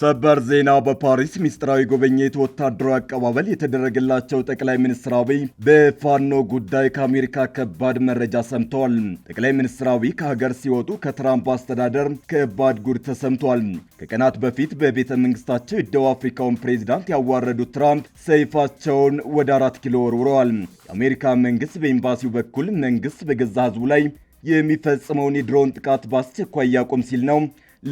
ሰበር ዜና በፓሪስ ሚስጥራዊ ጉብኝት ወታደራዊ አቀባበል የተደረገላቸው ጠቅላይ ሚኒስትር አብይ በፋኖ ጉዳይ ከአሜሪካ ከባድ መረጃ ሰምተዋል። ጠቅላይ ሚኒስትር አብይ ከሀገር ሲወጡ ከትራምፕ አስተዳደር ከባድ ጉድ ተሰምቷል። ከቀናት በፊት በቤተ መንግስታቸው የደቡብ አፍሪካውን ፕሬዚዳንት ያዋረዱት ትራምፕ ሰይፋቸውን ወደ አራት ኪሎ ወርውረዋል። የአሜሪካ መንግስት በኤምባሲው በኩል መንግስት በገዛ ህዝቡ ላይ የሚፈጽመውን የድሮን ጥቃት በአስቸኳይ ያቆም ሲል ነው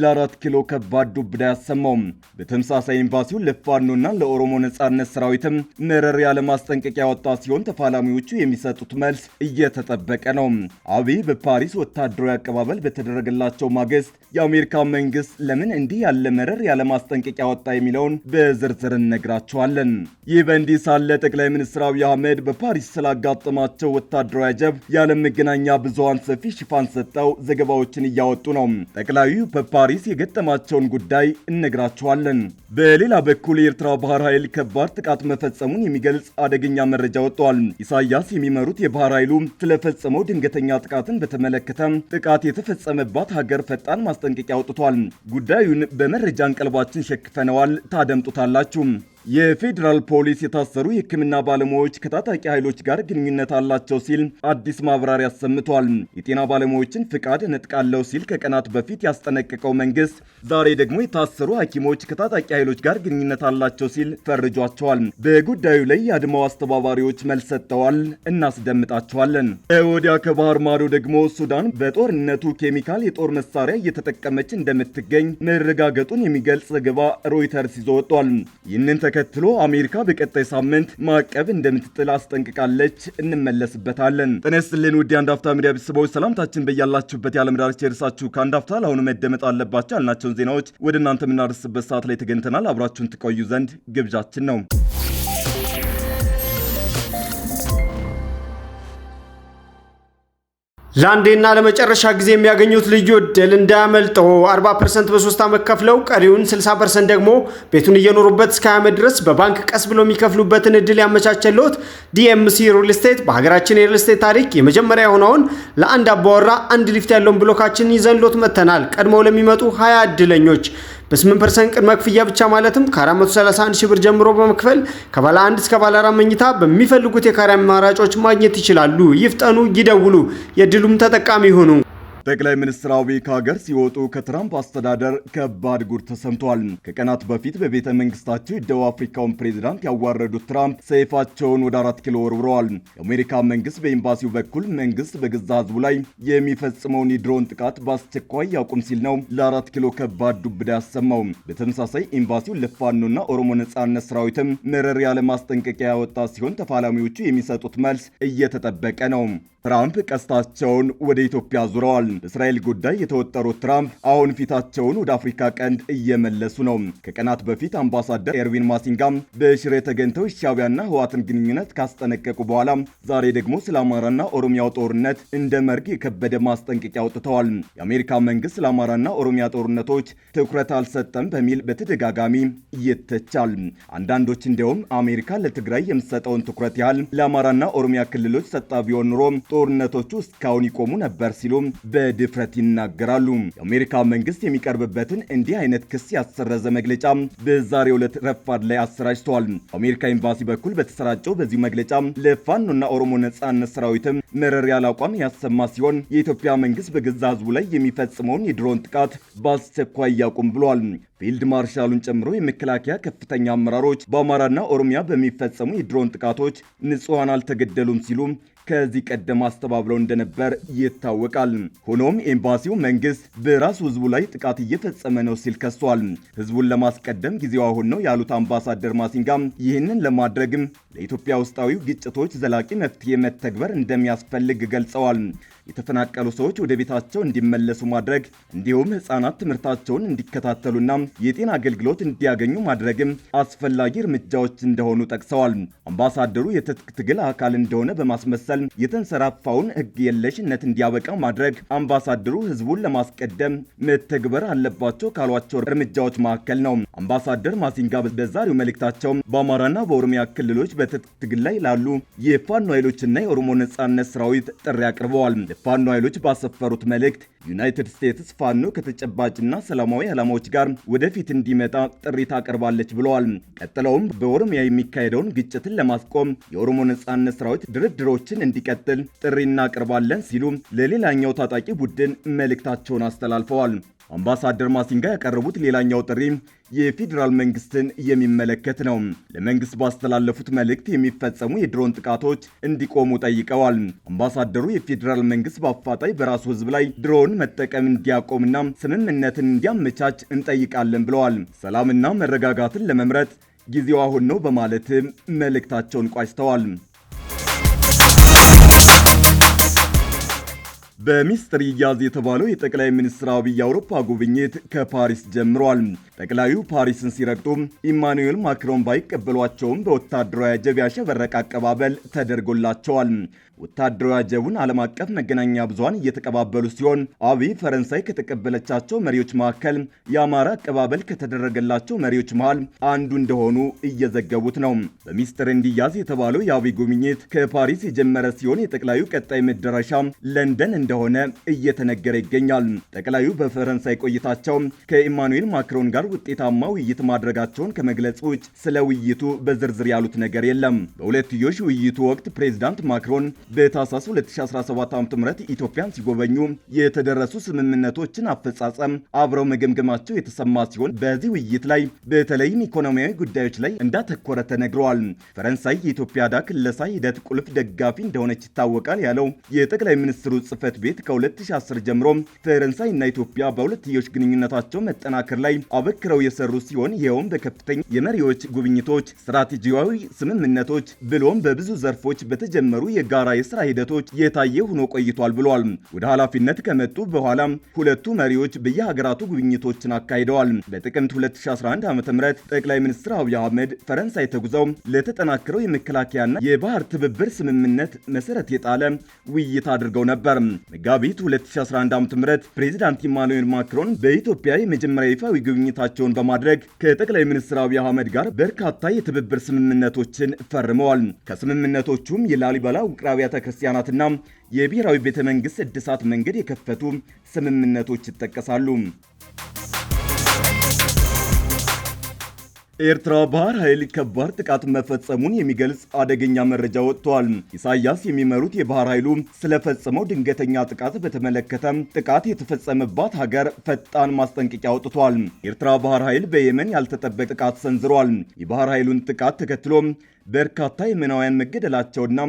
ለአራት ኪሎ ከባድ ዱብዳ ያሰማው። በተመሳሳይ ኤምባሲው ለፋኖና ለኦሮሞ ነጻነት ሰራዊትም መረር ያለ ማስጠንቀቂያ ያወጣ ሲሆን ተፋላሚዎቹ የሚሰጡት መልስ እየተጠበቀ ነው። አብይ በፓሪስ ወታደራዊ አቀባበል በተደረገላቸው ማግስት የአሜሪካ መንግስት ለምን እንዲህ ያለ መረር ያለ ማስጠንቀቂያ ወጣ የሚለውን በዝርዝር እነግራቸዋለን። ይህ በእንዲህ ሳለ ጠቅላይ ሚኒስትር አብይ አህመድ በፓሪስ ስላጋጠማቸው ወታደራዊ አጀብ የዓለም መገናኛ ብዙሀን ሰፊ ሽፋን ሰጠው ዘገባዎችን እያወጡ ነው። ጠቅላዩ ፓሪስ የገጠማቸውን ጉዳይ እነግራቸዋለን። በሌላ በኩል የኤርትራ ባህር ኃይል ከባድ ጥቃት መፈጸሙን የሚገልጽ አደገኛ መረጃ ወጥቷል። ኢሳያስ የሚመሩት የባህር ኃይሉ ስለፈጸመው ድንገተኛ ጥቃትን በተመለከተ ጥቃት የተፈጸመባት ሀገር ፈጣን ማስጠንቀቂያ አውጥቷል። ጉዳዩን በመረጃ እንቀልባችን ሸክፈነዋል። ታደምጡታላችሁ። የፌዴራል ፖሊስ የታሰሩ የሕክምና ባለሙያዎች ከታጣቂ ኃይሎች ጋር ግንኙነት አላቸው ሲል አዲስ ማብራሪያ አሰምቷል። የጤና ባለሙያዎችን ፍቃድ እነጥቃለሁ ሲል ከቀናት በፊት ያስጠነቀቀው መንግስት ዛሬ ደግሞ የታሰሩ ሐኪሞች ከታጣቂ ኃይሎች ጋር ግንኙነት አላቸው ሲል ፈርጇቸዋል። በጉዳዩ ላይ የአድማው አስተባባሪዎች መልስ ሰጥተዋል። እናስደምጣቸዋለን። ወዲያ ከባህር ማዶ ደግሞ ሱዳን በጦርነቱ ኬሚካል የጦር መሳሪያ እየተጠቀመች እንደምትገኝ መረጋገጡን የሚገልጽ ዘገባ ሮይተርስ ይዞ ወጥቷል። ይህንን ተከትሎ አሜሪካ በቀጣይ ሳምንት ማዕቀብ እንደምትጥል አስጠንቅቃለች። እንመለስበታለን። ጤና ይስጥልን ውድ የአንድ አፍታ ሚዲያ ቤተሰቦች ሰላምታችን በያላችሁበት የዓለም ዳርቻ የደርሳችሁ ከአንድ አፍታ ለአሁኑ መደመጥ አለባቸው ያልናቸውን ዜናዎች ወደ እናንተ የምናደርስበት ሰዓት ላይ ተገኝተናል። አብራችሁን ትቆዩ ዘንድ ግብዣችን ነው። ለአንዴና ለመጨረሻ ጊዜ የሚያገኙት ልዩ እድል እንዳያመልጠው 40 ፐርሰንት በሶስት ዓመት ከፍለው ቀሪውን 60 ፐርሰንት ደግሞ ቤቱን እየኖሩበት እስከ ዓመት ድረስ በባንክ ቀስ ብሎ የሚከፍሉበትን እድል ያመቻቸለት ዲኤምሲ ሪል ስቴት በሀገራችን የሪል ስቴት ታሪክ የመጀመሪያ የሆነውን ለአንድ አባወራ አንድ ሊፍት ያለውን ብሎካችን ይዘንሎት መጥተናል። ቀድሞው ለሚመጡ 20 እድለኞች በ8% ቅድመ ክፍያ ብቻ ማለትም ከ431 ሺህ ብር ጀምሮ በመክፈል ከባለ አንድ እስከ ባለ አራት መኝታ በሚፈልጉት የካሪያ አማራጮች ማግኘት ይችላሉ። ይፍጠኑ፣ ይደውሉ፣ የድሉም ተጠቃሚ ይሁኑ። ጠቅላይ ሚኒስትር አብይ ከሀገር ሲወጡ ከትራምፕ አስተዳደር ከባድ ጉድ ተሰምቷል። ከቀናት በፊት በቤተ መንግስታቸው የደቡብ አፍሪካውን ፕሬዚዳንት ያዋረዱት ትራምፕ ሰይፋቸውን ወደ አራት ኪሎ ወርውረዋል። የአሜሪካ መንግስት በኤምባሲው በኩል መንግስት በገዛ ህዝቡ ላይ የሚፈጽመውን የድሮን ጥቃት በአስቸኳይ ያቁም ሲል ነው ለአራት ኪሎ ከባድ ዱብዳ ያሰማው። በተመሳሳይ ኤምባሲው ለፋኖና ኦሮሞ ነጻነት ሰራዊትም መረር ያለ ማስጠንቀቂያ ያወጣ ሲሆን ተፋላሚዎቹ የሚሰጡት መልስ እየተጠበቀ ነው። ትራምፕ ቀስታቸውን ወደ ኢትዮጵያ ዙረዋል። በእስራኤል ጉዳይ የተወጠሩት ትራምፕ አሁን ፊታቸውን ወደ አፍሪካ ቀንድ እየመለሱ ነው። ከቀናት በፊት አምባሳደር ኤርዊን ማሲንጋም በሽሬ ተገኝተው ሻቢያና ህዋትን ግንኙነት ካስጠነቀቁ በኋላ ዛሬ ደግሞ ስለ አማራና ኦሮሚያው ጦርነት እንደ መርግ የከበደ ማስጠንቀቂያ አውጥተዋል። የአሜሪካ መንግስት ስለ አማራና ኦሮሚያ ጦርነቶች ትኩረት አልሰጠም በሚል በተደጋጋሚ ይተቻል። አንዳንዶች እንዲያውም አሜሪካ ለትግራይ የምትሰጠውን ትኩረት ያህል ለአማራና ኦሮሚያ ክልሎች ሰጣ ቢሆን ኑሮ ጦርነቶች ውስጥ ካሁን ይቆሙ ነበር ሲሉም በድፍረት ይናገራሉ። የአሜሪካ መንግስት የሚቀርብበትን እንዲህ አይነት ክስ ያሰረዘ መግለጫ በዛሬ ዕለት ረፋድ ላይ አሰራጅተዋል። በአሜሪካ ኤምባሲ በኩል በተሰራጨው በዚሁ መግለጫ ለፋኖና ኦሮሞ ነጻነት ሰራዊትም መረር ያለ አቋም ያሰማ ሲሆን የኢትዮጵያ መንግስት በገዛ ህዝቡ ላይ የሚፈጽመውን የድሮን ጥቃት በአስቸኳይ ያቁም ብሏል። ፊልድ ማርሻሉን ጨምሮ የመከላከያ ከፍተኛ አመራሮች በአማራና ኦሮሚያ በሚፈጸሙ የድሮን ጥቃቶች ንጹሐን አልተገደሉም ሲሉ ከዚህ ቀደም አስተባብለው እንደነበር ይታወቃል። ሆኖም ኤምባሲው መንግስት በራሱ ህዝቡ ላይ ጥቃት እየፈጸመ ነው ሲል ከሷል። ህዝቡን ለማስቀደም ጊዜው አሁን ነው ያሉት አምባሳደር ማሲንጋም ይህንን ለማድረግም ለኢትዮጵያ ውስጣዊ ግጭቶች ዘላቂ መፍትሄ መተግበር እንደሚያስፈልግ ገልጸዋል። የተፈናቀሉ ሰዎች ወደ ቤታቸው እንዲመለሱ ማድረግ እንዲሁም ህጻናት ትምህርታቸውን እንዲከታተሉና የጤና አገልግሎት እንዲያገኙ ማድረግም አስፈላጊ እርምጃዎች እንደሆኑ ጠቅሰዋል። አምባሳደሩ የትጥቅ ትግል አካል እንደሆነ በማስመሰል የተንሰራፋውን ህግ የለሽነት እንዲያበቃ ማድረግ አምባሳደሩ ህዝቡን ለማስቀደም መተግበር አለባቸው ካሏቸው እርምጃዎች መካከል ነው። አምባሳደር ማሲንጋ በዛሬው መልእክታቸው በአማራና በኦሮሚያ ክልሎች በትጥቅ ትግል ላይ ላሉ የፋኖ ኃይሎችና የኦሮሞ ነጻነት ሰራዊት ጥሪ አቅርበዋል። የፋኖ ኃይሎች ባሰፈሩት መልእክት ዩናይትድ ስቴትስ ፋኖ ከተጨባጭና ሰላማዊ ዓላማዎች ጋር ወደፊት እንዲመጣ ጥሪ ታቀርባለች ብለዋል። ቀጥለውም በኦሮሚያ የሚካሄደውን ግጭትን ለማስቆም የኦሮሞ ነጻነት ሰራዊት ድርድሮችን እንዲቀጥል ጥሪ እናቀርባለን ሲሉ ለሌላኛው ታጣቂ ቡድን መልእክታቸውን አስተላልፈዋል። አምባሳደር ማሲንጋ ያቀረቡት ሌላኛው ጥሪ የፌዴራል መንግስትን የሚመለከት ነው። ለመንግስት ባስተላለፉት መልእክት የሚፈጸሙ የድሮን ጥቃቶች እንዲቆሙ ጠይቀዋል። አምባሳደሩ የፌዴራል መንግስት በአፋጣኝ በራሱ ህዝብ ላይ ድሮን መጠቀም እንዲያቆምና ስምምነትን እንዲያመቻች እንጠይቃለን ብለዋል። ሰላምና መረጋጋትን ለመምረጥ ጊዜው አሁን ነው በማለትም መልእክታቸውን ቋጭተዋል። በሚስጥር ይያዝ የተባለው የጠቅላይ ሚኒስትር አብይ የአውሮፓ ጉብኝት ከፓሪስ ጀምሯል። ጠቅላዩ ፓሪስን ሲረግጡ ኢማኑኤል ማክሮን ባይቀበሏቸውም በወታደራዊ አጀብ ያሸበረቀ አቀባበል ተደርጎላቸዋል። ወታደራዊ አጀቡን ዓለም አቀፍ መገናኛ ብዙሃን እየተቀባበሉ ሲሆን አብይ ፈረንሳይ ከተቀበለቻቸው መሪዎች መካከል የአማራ አቀባበል ከተደረገላቸው መሪዎች መሃል አንዱ እንደሆኑ እየዘገቡት ነው። በሚስጥር እንዲያዝ የተባለው የአብይ ጉብኝት ከፓሪስ የጀመረ ሲሆን የጠቅላዩ ቀጣይ መዳረሻ ለንደን እንደሆነ እየተነገረ ይገኛል። ጠቅላዩ በፈረንሳይ ቆይታቸው ከኢማኑኤል ማክሮን ጋር ውጤታማ ውይይት ማድረጋቸውን ከመግለጽ ውጭ ስለ ውይይቱ በዝርዝር ያሉት ነገር የለም። በሁለትዮሽ ውይይቱ ወቅት ፕሬዚዳንት ማክሮን በታህሳስ 2017 ዓ.ም ም ኢትዮጵያን ሲጎበኙ የተደረሱ ስምምነቶችን አፈጻጸም አብረው መገምገማቸው የተሰማ ሲሆን በዚህ ውይይት ላይ በተለይም ኢኮኖሚያዊ ጉዳዮች ላይ እንዳተኮረ ተነግረዋል። ፈረንሳይ የኢትዮጵያ ዕዳ ክለሳ ሂደት ቁልፍ ደጋፊ እንደሆነች ይታወቃል ያለው የጠቅላይ ሚኒስትሩ ጽህፈት ቤት ከ2010 ጀምሮ ፈረንሳይ እና ኢትዮጵያ በሁለትዮሽ ግንኙነታቸው መጠናከር ላይ አበክረው የሰሩ ሲሆን ይኸውም በከፍተኛ የመሪዎች ጉብኝቶች፣ ስትራቴጂያዊ ስምምነቶች ብሎም በብዙ ዘርፎች በተጀመሩ የጋራ የስራ ሂደቶች የታየ ሆኖ ቆይቷል ብሏል። ወደ ኃላፊነት ከመጡ በኋላም ሁለቱ መሪዎች በየሀገራቱ ጉብኝቶችን አካሂደዋል። በጥቅምት 2011 ዓ ም ጠቅላይ ሚኒስትር አብይ አህመድ ፈረንሳይ ተጉዘው ለተጠናከረው የመከላከያና የባህር ትብብር ስምምነት መሰረት የጣለ ውይይት አድርገው ነበር። መጋቢት 2011 ዓ ም ፕሬዚዳንት ኢማኑኤል ማክሮን በኢትዮጵያ የመጀመሪያ ይፋዊ ጉብኝታቸውን በማድረግ ከጠቅላይ ሚኒስትር አብይ አህመድ ጋር በርካታ የትብብር ስምምነቶችን ፈርመዋል። ከስምምነቶቹም የላሊበላ ውቅር አብያተ አብያተ ክርስቲያናትና የብሔራዊ ቤተ መንግስት እድሳት መንገድ የከፈቱ ስምምነቶች ይጠቀሳሉ። ኤርትራ ባህር ኃይል ከባድ ጥቃት መፈጸሙን የሚገልጽ አደገኛ መረጃ ወጥቷል። ኢሳያስ የሚመሩት የባህር ኃይሉ ስለፈጸመው ድንገተኛ ጥቃት በተመለከተ ጥቃት የተፈጸመባት ሀገር ፈጣን ማስጠንቀቂያ አውጥቷል። ኤርትራ ባህር ኃይል በየመን ያልተጠበቀ ጥቃት ሰንዝሯል። የባህር ኃይሉን ጥቃት ተከትሎ በርካታ የመናውያን መገደላቸውና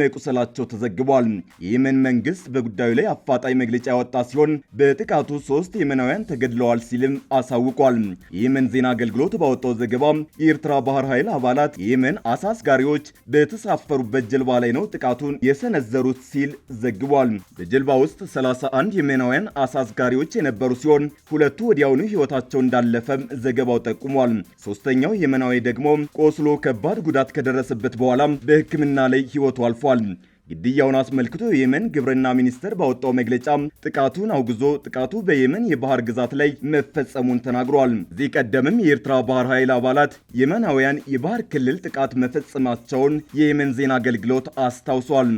መቁሰላቸው ተዘግቧል። የየመን መንግስት በጉዳዩ ላይ አፋጣኝ መግለጫ ያወጣ ሲሆን በጥቃቱ ሶስት የመናውያን ተገድለዋል ሲልም አሳውቋል። የየመን ዜና አገልግሎት ባወጣው ዘገባ የኤርትራ ባህር ኃይል አባላት የየመን አሳ አስጋሪዎች በተሳፈሩበት ጀልባ ላይ ነው ጥቃቱን የሰነዘሩት ሲል ዘግቧል። በጀልባ ውስጥ 31 የመናውያን አሳ አስጋሪዎች የነበሩ ሲሆን ሁለቱ ወዲያውኑ ሕይወታቸው እንዳለፈም ዘገባው ጠቁሟል። ሶስተኛው የመናዊ ደግሞ ቆስሎ ከባድ ጉዳት ከደረሰበት በኋላ በሕክምና ላይ ህይወቱ አልፏል። ግድያውን አስመልክቶ የየመን ግብርና ሚኒስቴር ባወጣው መግለጫ ጥቃቱን አውግዞ ጥቃቱ በየመን የባህር ግዛት ላይ መፈጸሙን ተናግሯል። እዚህ ቀደምም የኤርትራ ባህር ኃይል አባላት የመናውያን የባህር ክልል ጥቃት መፈጸማቸውን የየመን ዜና አገልግሎት አስታውሷል።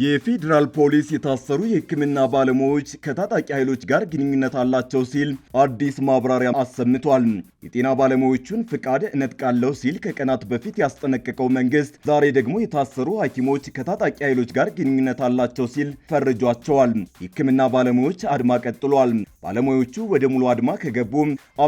የፌዴራል ፖሊስ የታሰሩ የሕክምና ባለሙያዎች ከታጣቂ ኃይሎች ጋር ግንኙነት አላቸው ሲል አዲስ ማብራሪያ አሰምቷል። የጤና ባለሙያዎቹን ፍቃድ እነጥቃለሁ ሲል ከቀናት በፊት ያስጠነቀቀው መንግስት ዛሬ ደግሞ የታሰሩ ሐኪሞች ከታጣቂ ኃይሎች ጋር ግንኙነት አላቸው ሲል ፈርጇቸዋል። የሕክምና ባለሙያዎች አድማ ቀጥሏል። ባለሙያዎቹ ወደ ሙሉ አድማ ከገቡ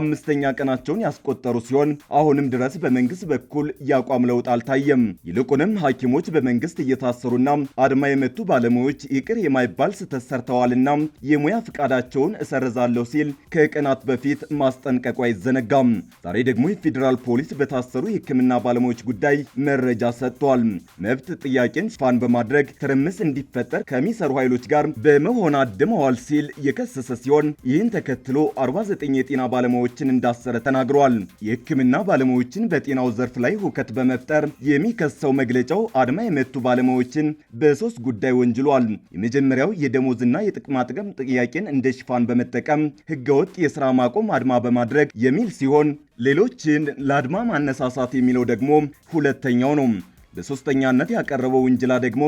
አምስተኛ ቀናቸውን ያስቆጠሩ ሲሆን አሁንም ድረስ በመንግስት በኩል ያቋም ለውጥ አልታየም። ይልቁንም ሐኪሞች በመንግስት እየታሰሩና አድማ የመቱ ባለሙያዎች ይቅር የማይባል ስህተት ሰርተዋልና የሙያ ፍቃዳቸውን እሰርዛለሁ ሲል ከቀናት በፊት ማስጠንቀቁ አይዘነጋም። ዛሬ ደግሞ የፌዴራል ፖሊስ በታሰሩ የሕክምና ባለሙያዎች ጉዳይ መረጃ ሰጥቷል። መብት ጥያቄን ሽፋን በማድረግ ትርምስ እንዲፈጠር ከሚሰሩ ኃይሎች ጋር በመሆን አድመዋል ሲል የከሰሰ ሲሆን ይህን ተከትሎ 49 የጤና ባለሙያዎችን እንዳሰረ ተናግሯል። የሕክምና ባለሙያዎችን በጤናው ዘርፍ ላይ ሁከት በመፍጠር የሚከሰው መግለጫው አድማ የመቱ ባለሙያዎችን በሶስት ጉዳይ ወንጅሏል። የመጀመሪያው የደሞዝና የጥቅማ ጥቅም ጥያቄን እንደ ሽፋን በመጠቀም ህገወጥ የስራ ማቆም አድማ በማድረግ የሚል ሲሆን ሌሎችን ለአድማ ማነሳሳት የሚለው ደግሞ ሁለተኛው ነው። በሶስተኛነት ያቀረበው ውንጅላ ደግሞ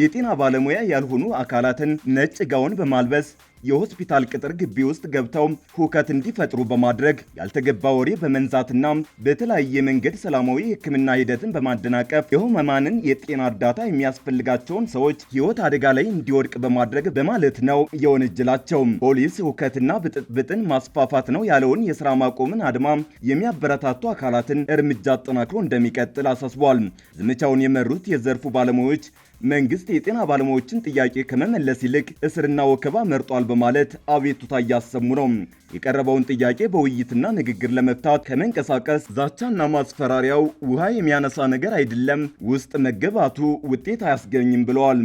የጤና ባለሙያ ያልሆኑ አካላትን ነጭ ጋውን በማልበስ የሆስፒታል ቅጥር ግቢ ውስጥ ገብተው ሁከት እንዲፈጥሩ በማድረግ ያልተገባ ወሬ በመንዛትና በተለያየ መንገድ ሰላማዊ ሕክምና ሂደትን በማደናቀፍ የህመማንን የጤና እርዳታ የሚያስፈልጋቸውን ሰዎች ሕይወት አደጋ ላይ እንዲወድቅ በማድረግ በማለት ነው የወነጀላቸው። ፖሊስ ሁከትና ብጥብጥን ማስፋፋት ነው ያለውን የስራ ማቆምን አድማ የሚያበረታቱ አካላትን እርምጃ አጠናክሮ እንደሚቀጥል አሳስቧል። ዘመቻውን የመሩት የዘርፉ ባለሙያዎች መንግስት የጤና ባለሙያዎችን ጥያቄ ከመመለስ ይልቅ እስርና ወከባ መርጧል በማለት አቤቱታ እያሰሙ ነው። የቀረበውን ጥያቄ በውይይትና ንግግር ለመፍታት ከመንቀሳቀስ ዛቻና ማስፈራሪያው ውሃ የሚያነሳ ነገር አይደለም ውስጥ መገባቱ ውጤት አያስገኝም ብለዋል።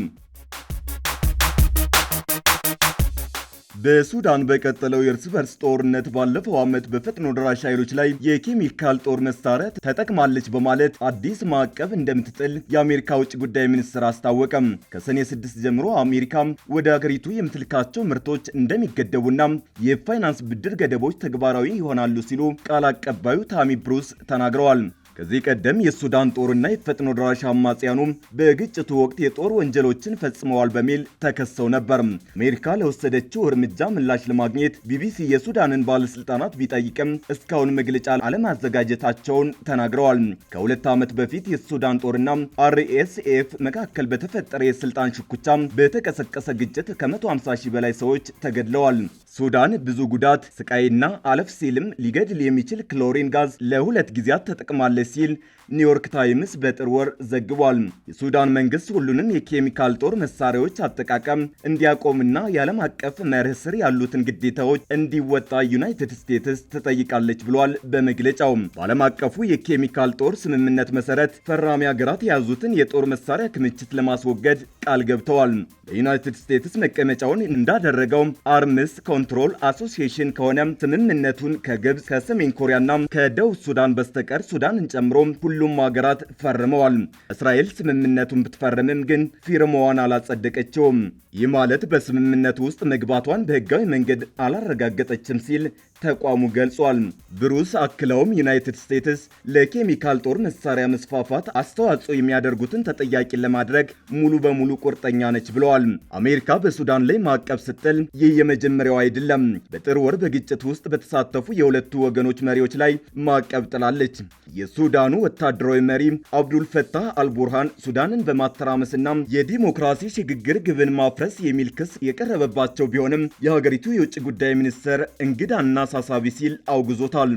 በሱዳን በቀጠለው የእርስ በርስ ጦርነት ባለፈው ዓመት በፈጥኖ ደራሽ ኃይሎች ላይ የኬሚካል ጦር መሳሪያ ተጠቅማለች በማለት አዲስ ማዕቀብ እንደምትጥል የአሜሪካ ውጭ ጉዳይ ሚኒስትር አስታወቀም። ከሰኔ 6 ጀምሮ አሜሪካም ወደ አገሪቱ የምትልካቸው ምርቶች እንደሚገደቡና የፋይናንስ ብድር ገደቦች ተግባራዊ ይሆናሉ ሲሉ ቃል አቀባዩ ታሚ ብሩስ ተናግረዋል። ከዚህ ቀደም የሱዳን ጦርና የፈጥኖ ደራሽ አማጽያኑ በግጭቱ ወቅት የጦር ወንጀሎችን ፈጽመዋል በሚል ተከሰው ነበር። አሜሪካ ለወሰደችው እርምጃ ምላሽ ለማግኘት ቢቢሲ የሱዳንን ባለስልጣናት ቢጠይቅም እስካሁን መግለጫ አለማዘጋጀታቸውን ተናግረዋል። ከሁለት ዓመት በፊት የሱዳን ጦርና አርኤስኤፍ መካከል በተፈጠረ የስልጣን ሽኩቻ በተቀሰቀሰ ግጭት ከ150 ሺህ በላይ ሰዎች ተገድለዋል። ሱዳን ብዙ ጉዳት ስቃይና አለፍ ሲልም ሊገድል የሚችል ክሎሪን ጋዝ ለሁለት ጊዜያት ተጠቅማለች ሲል ኒውዮርክ ታይምስ በጥር ወር ዘግቧል። የሱዳን መንግስት ሁሉንም የኬሚካል ጦር መሳሪያዎች አጠቃቀም እንዲያቆምና የዓለም አቀፍ መርህ ስር ያሉትን ግዴታዎች እንዲወጣ ዩናይትድ ስቴትስ ትጠይቃለች ብሏል። በመግለጫው በዓለም አቀፉ የኬሚካል ጦር ስምምነት መሰረት ፈራሚ ሀገራት የያዙትን የጦር መሳሪያ ክምችት ለማስወገድ ቃል ገብተዋል። በዩናይትድ ስቴትስ መቀመጫውን እንዳደረገው አርምስ ኮንትሮል አሶሲዬሽን ከሆነ ስምምነቱን ከግብፅ ከሰሜን ኮሪያና ከደቡብ ሱዳን በስተቀር ሱዳንን ጨምሮ ሁሉም ሀገራት ፈርመዋል። እስራኤል ስምምነቱን ብትፈርምም ግን ፊርማዋን አላጸደቀችውም። ይህ ማለት በስምምነቱ ውስጥ መግባቷን በህጋዊ መንገድ አላረጋገጠችም ሲል ተቋሙ ገልጿል። ብሩስ አክለውም ዩናይትድ ስቴትስ ለኬሚካል ጦር መሳሪያ መስፋፋት አስተዋጽኦ የሚያደርጉትን ተጠያቂ ለማድረግ ሙሉ በሙሉ ቁርጠኛ ነች ብለዋል። አሜሪካ በሱዳን ላይ ማዕቀብ ስትጥል ይህ የመጀመሪያው አይደለም። በጥር ወር በግጭት ውስጥ በተሳተፉ የሁለቱ ወገኖች መሪዎች ላይ ማዕቀብ ጥላለች። የሱዳኑ ወታደራዊ መሪ አብዱል ፈታህ አልቡርሃን ሱዳንን በማተራመስና የዲሞክራሲ ሽግግር ግብን ማፍረስ የሚል ክስ የቀረበባቸው ቢሆንም የሀገሪቱ የውጭ ጉዳይ ሚኒስትር እንግዳና አሳሳቢ ሲል አውግዞታል።